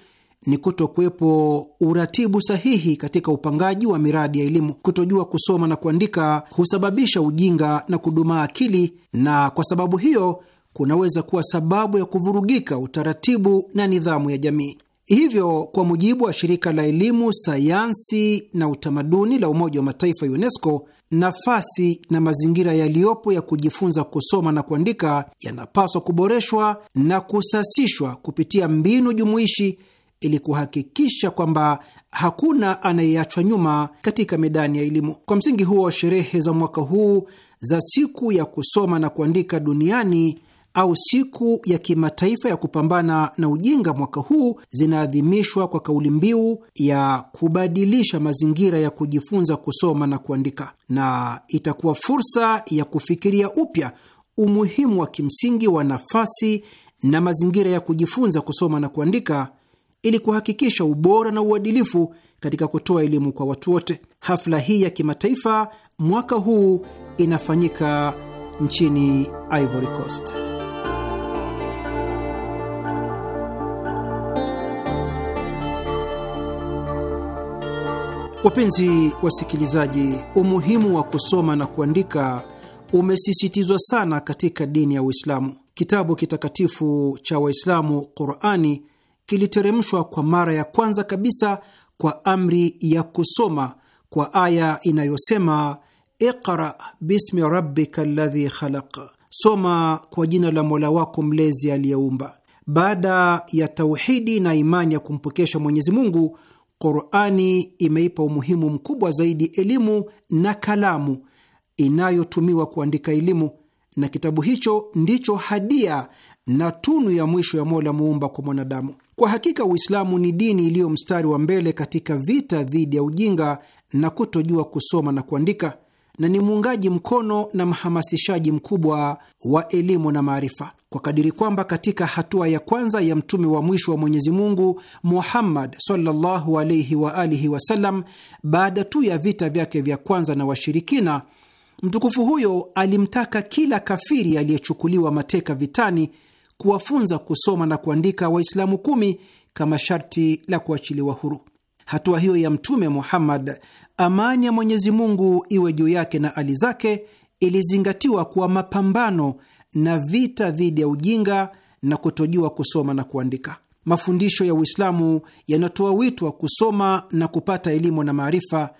ni kutokuwepo uratibu sahihi katika upangaji wa miradi ya elimu. Kutojua kusoma na kuandika husababisha ujinga na kudumaa akili, na kwa sababu hiyo kunaweza kuwa sababu ya kuvurugika utaratibu na nidhamu ya jamii. Hivyo, kwa mujibu wa shirika la elimu, sayansi na utamaduni la Umoja wa Mataifa, UNESCO, nafasi na mazingira yaliyopo ya kujifunza kusoma na kuandika yanapaswa kuboreshwa na kusasishwa kupitia mbinu jumuishi ili kuhakikisha kwamba hakuna anayeachwa nyuma katika medani ya elimu. Kwa msingi huo, sherehe za mwaka huu za siku ya kusoma na kuandika duniani au siku ya kimataifa ya kupambana na ujinga mwaka huu zinaadhimishwa kwa kauli mbiu ya kubadilisha mazingira ya kujifunza kusoma na kuandika, na itakuwa fursa ya kufikiria upya umuhimu wa kimsingi wa nafasi na mazingira ya kujifunza kusoma na kuandika ili kuhakikisha ubora na uadilifu katika kutoa elimu kwa watu wote. Hafla hii ya kimataifa mwaka huu inafanyika nchini Ivory Coast. Wapenzi wasikilizaji, umuhimu wa kusoma na kuandika umesisitizwa sana katika dini ya Uislamu. Kitabu kitakatifu cha Waislamu, Qurani, kiliteremshwa kwa mara ya kwanza kabisa kwa amri ya kusoma kwa aya inayosema iqra bismi rabbika ladhi khalaq, soma kwa jina la mola wako mlezi aliyeumba. Baada ya tauhidi na imani ya kumpokesha Mwenyezi Mungu, Qurani imeipa umuhimu mkubwa zaidi elimu na kalamu inayotumiwa kuandika elimu, na kitabu hicho ndicho hadia na tunu ya mwisho ya Mola muumba kwa mwanadamu. Kwa hakika Uislamu ni dini iliyo mstari wa mbele katika vita dhidi ya ujinga na kutojua kusoma na kuandika, na ni muungaji mkono na mhamasishaji mkubwa wa elimu na maarifa kwa kadiri kwamba katika hatua ya kwanza ya mtume wa mwisho wa Mwenyezi Mungu Muhammad sallallahu wa alihi wasallam, baada tu ya vita vyake vya kwanza na washirikina, mtukufu huyo alimtaka kila kafiri aliyechukuliwa mateka vitani kuwafunza kusoma na kuandika Waislamu kumi kama sharti la kuachiliwa huru. Hatua hiyo ya Mtume Muhammad, amani ya Mwenyezi Mungu iwe juu yake na ali zake, ilizingatiwa kuwa mapambano na vita dhidi ya ujinga na kutojua kusoma na kuandika. Mafundisho ya Uislamu yanatoa wito wa kusoma na kupata elimu na maarifa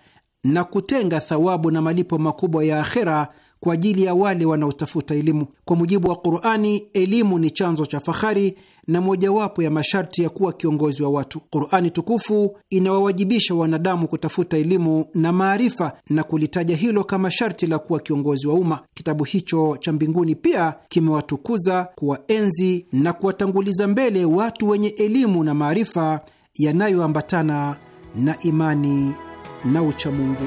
na kutenga thawabu na malipo makubwa ya akhera kwa ajili ya wale wanaotafuta elimu. Kwa mujibu wa Qurani, elimu ni chanzo cha fahari na mojawapo ya masharti ya kuwa kiongozi wa watu. Qurani tukufu inawawajibisha wanadamu kutafuta elimu na maarifa na kulitaja hilo kama sharti la kuwa kiongozi wa umma. Kitabu hicho cha mbinguni pia kimewatukuza, kuwaenzi na kuwatanguliza mbele watu wenye elimu na maarifa yanayoambatana na imani na uchamungu.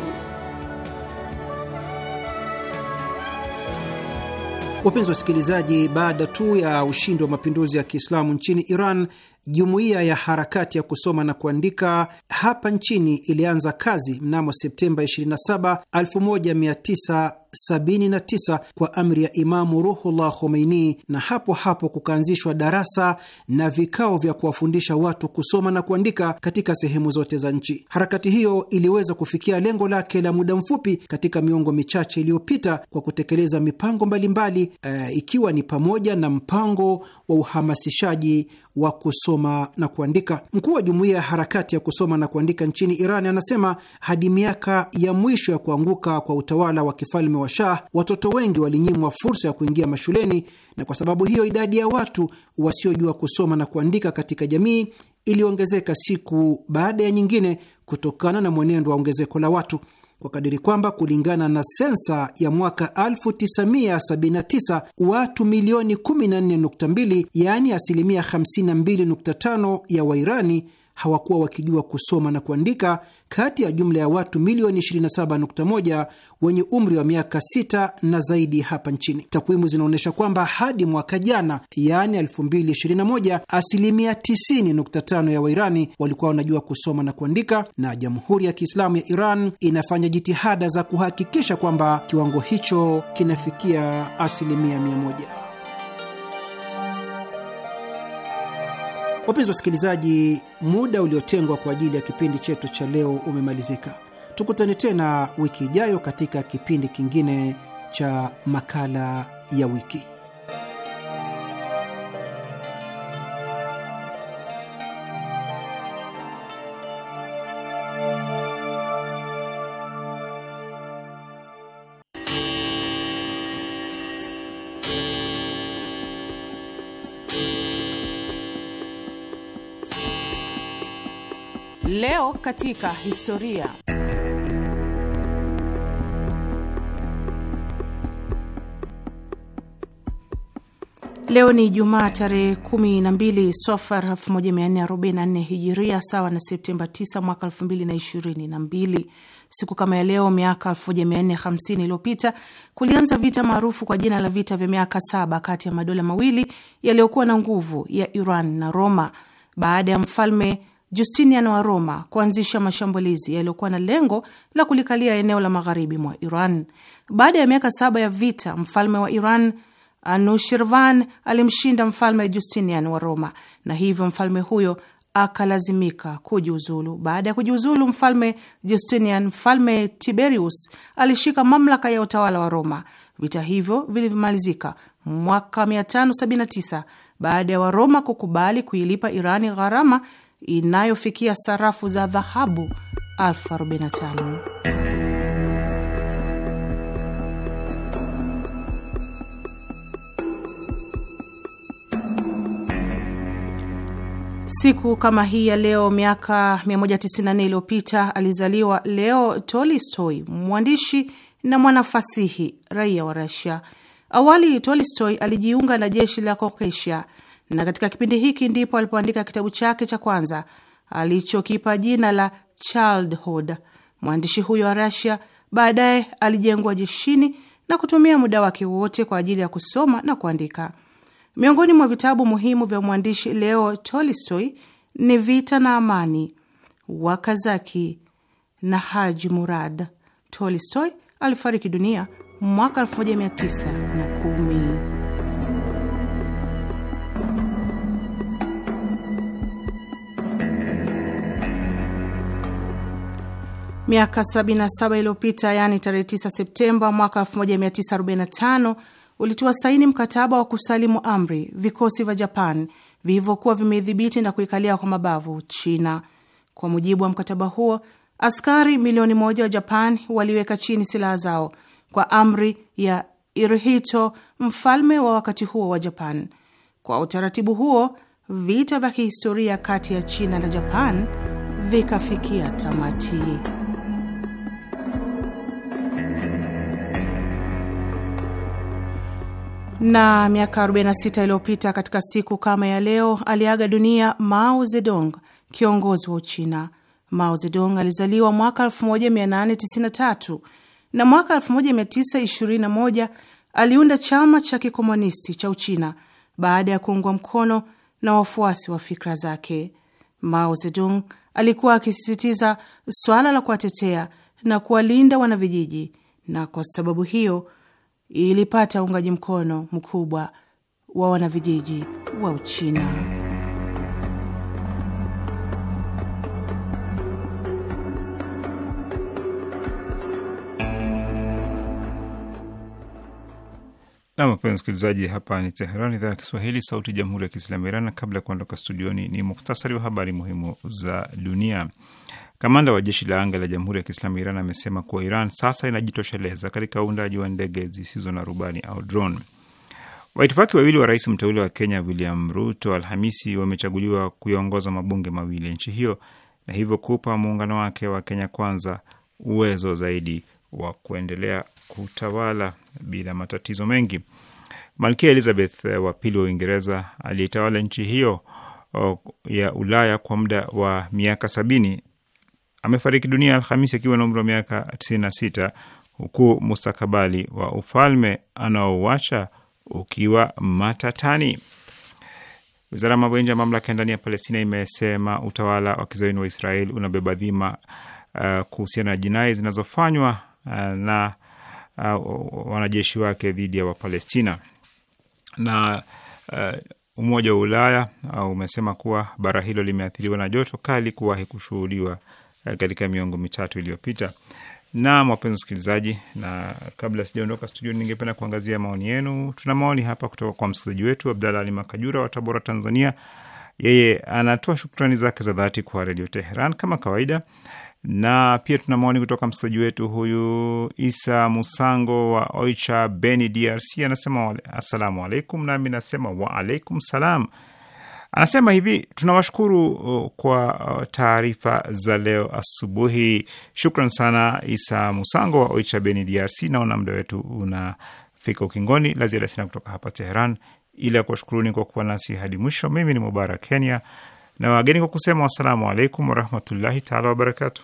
Wapenzi wasikilizaji, baada tu ya ushindi wa mapinduzi ya Kiislamu nchini Iran, jumuiya ya harakati ya kusoma na kuandika hapa nchini ilianza kazi mnamo Septemba 27, 79 kwa amri ya Imamu Ruhullah Khomeini, na hapo hapo kukaanzishwa darasa na vikao vya kuwafundisha watu kusoma na kuandika katika sehemu zote za nchi. Harakati hiyo iliweza kufikia lengo lake la muda mfupi katika miongo michache iliyopita kwa kutekeleza mipango mbalimbali mbali, uh, eh, ikiwa ni pamoja na mpango wa uhamasishaji wa kusoma na kuandika. Mkuu wa jumuiya ya harakati ya kusoma na kuandika nchini Iran anasema hadi miaka ya mwisho ya kuanguka kwa utawala wa kifalme wa Shah, watoto wengi walinyimwa fursa ya kuingia mashuleni, na kwa sababu hiyo idadi ya watu wasiojua kusoma na kuandika katika jamii iliongezeka siku baada ya nyingine kutokana na mwenendo wa ongezeko la watu kwa kadiri kwamba kulingana na sensa ya mwaka 1979 watu milioni 14.2 yaani asilimia 52.5 ya Wairani hawakuwa wakijua kusoma na kuandika kati ya jumla ya watu milioni 27.1 wenye umri wa miaka 6 na zaidi hapa nchini. Takwimu zinaonyesha kwamba hadi mwaka jana, yaani 2021, asilimia 90.5 ya Wairani walikuwa wanajua kusoma na kuandika, na Jamhuri ya Kiislamu ya Iran inafanya jitihada za kuhakikisha kwamba kiwango hicho kinafikia asilimia 100. Wapenzi wasikilizaji, muda uliotengwa kwa ajili ya kipindi chetu cha leo umemalizika. Tukutane tena wiki ijayo katika kipindi kingine cha makala ya wiki. katika historia. Leo ni Jumaa tarehe 12 Sofar 1444 Hijiria, sawa na Septemba 9 mwaka 2022. Siku kama ya leo miaka 1450 iliyopita kulianza vita maarufu kwa jina la vita vya miaka saba kati ya madola mawili yaliyokuwa na nguvu ya Iran na Roma. Baada ya mfalme Justinian wa Roma kuanzisha mashambulizi yaliyokuwa na lengo la kulikalia eneo la magharibi mwa Iran. Baada ya miaka saba ya vita, mfalme wa Iran Anushirvan alimshinda mfalme Justinian wa Roma, na hivyo mfalme huyo akalazimika kujiuzulu. Baada ya kujiuzulu mfalme Justinian, mfalme Tiberius alishika mamlaka ya utawala wa Roma. Vita hivyo vilivyomalizika mwaka 579 baada ya Waroma kukubali kuilipa Irani gharama inayofikia sarafu za dhahabu 45 Siku kama hii ya leo miaka 194 iliyopita alizaliwa Leo tolistoi mwandishi na mwanafasihi raia wa Rasia. Awali tolistoi alijiunga na jeshi la Kokesha na katika kipindi hiki ndipo alipoandika kitabu chake cha kwanza alichokipa jina la Childhood. Mwandishi huyo wa Rasia baadaye alijengwa jeshini na kutumia muda wake wote kwa ajili ya kusoma na kuandika. Miongoni mwa vitabu muhimu vya mwandishi Leo Tolstoy ni Vita na Amani, Wakazaki na Haji Murad. Tolstoy alifariki dunia mwaka 1910. miaka 77 iliyopita, yaani tarehe 9 Septemba mwaka 1945 ulitoa saini mkataba wa kusalimu amri vikosi vya Japan vilivyokuwa vimeidhibiti na kuikalia kwa mabavu China. Kwa mujibu wa mkataba huo, askari milioni moja wa Japan waliweka chini silaha zao kwa amri ya Hirohito, mfalme wa wakati huo wa Japan. Kwa utaratibu huo, vita vya kihistoria kati ya China na Japan vikafikia tamati. Na miaka 46 iliyopita katika siku kama ya leo aliaga dunia Mao Zedong, kiongozi wa Uchina. Mao Zedong alizaliwa mwaka 1893 na mwaka 1921 aliunda chama cha kikomunisti cha Uchina baada ya kuungwa mkono na wafuasi wa fikra zake. Mao Zedong alikuwa akisisitiza swala la kuwatetea na kuwalinda wanavijiji, na kwa sababu hiyo ilipata uungaji mkono mkubwa wa wanavijiji wa Uchina. Namapea msikilizaji, hapa ni Teheran, idhaa ya Kiswahili, sauti ya jamhuri ya kiislamu Iran. kabla ya kuondoka studioni, ni muktasari wa habari muhimu za dunia. Kamanda wa jeshi la anga la Jamhuri ya Kiislamu Iran amesema kuwa Iran sasa inajitosheleza katika uundaji wa ndege zisizo na rubani au drone. Waitifaki wawili wa rais mteule wa Kenya William Ruto Alhamisi wamechaguliwa kuyaongoza mabunge mawili ya nchi hiyo na hivyo kupa muungano wake wa Kenya Kwanza uwezo zaidi wa kuendelea kutawala bila matatizo mengi. Malkia Elizabeth wa pili wa Uingereza aliyetawala nchi hiyo oh, ya Ulaya kwa muda wa miaka sabini amefariki dunia Alhamisi akiwa na umri wa miaka 96 huku mustakabali wa ufalme anaouacha ukiwa matatani. Wizara ya mambo ya nje ya mamlaka ya ndani ya Palestina imesema utawala wa kizayuni wa Israel unabeba dhima uh, kuhusiana na jinai zinazofanywa uh, na uh, wanajeshi wake dhidi ya Wapalestina na uh, Umoja wa Ulaya uh, umesema kuwa bara hilo limeathiriwa na joto kali kuwahi kushuhudiwa Eh, katika miongo mitatu iliyopita. Naam, wapenzi wasikilizaji, na kabla sijaondoka studio, ningependa kuangazia maoni yenu. Tuna maoni hapa kutoka kwa msikilizaji wetu Abdalla Ali Makajura wa Tabora, Tanzania. Yeye anatoa shukrani zake za dhati kwa Redio Teheran kama kawaida, na pia tuna maoni kutoka msikilizaji wetu huyu Isa Musango wa Oicha Beni, DRC. Anasema assalamu alaikum, nami nasema waalaikum salam Anasema hivi: tunawashukuru uh, kwa uh, taarifa za leo asubuhi. Shukran sana Isa Musango wa Oicha Beni, DRC. Naona muda wetu unafika ukingoni, la ziada sina kutoka hapa Teheran ila kuwashukuruni kwa kuwa nasi hadi mwisho. Mimi ni Mubarak Kenya na wageni kwa kusema wassalamu alaikum warahmatullahi taala wabarakatu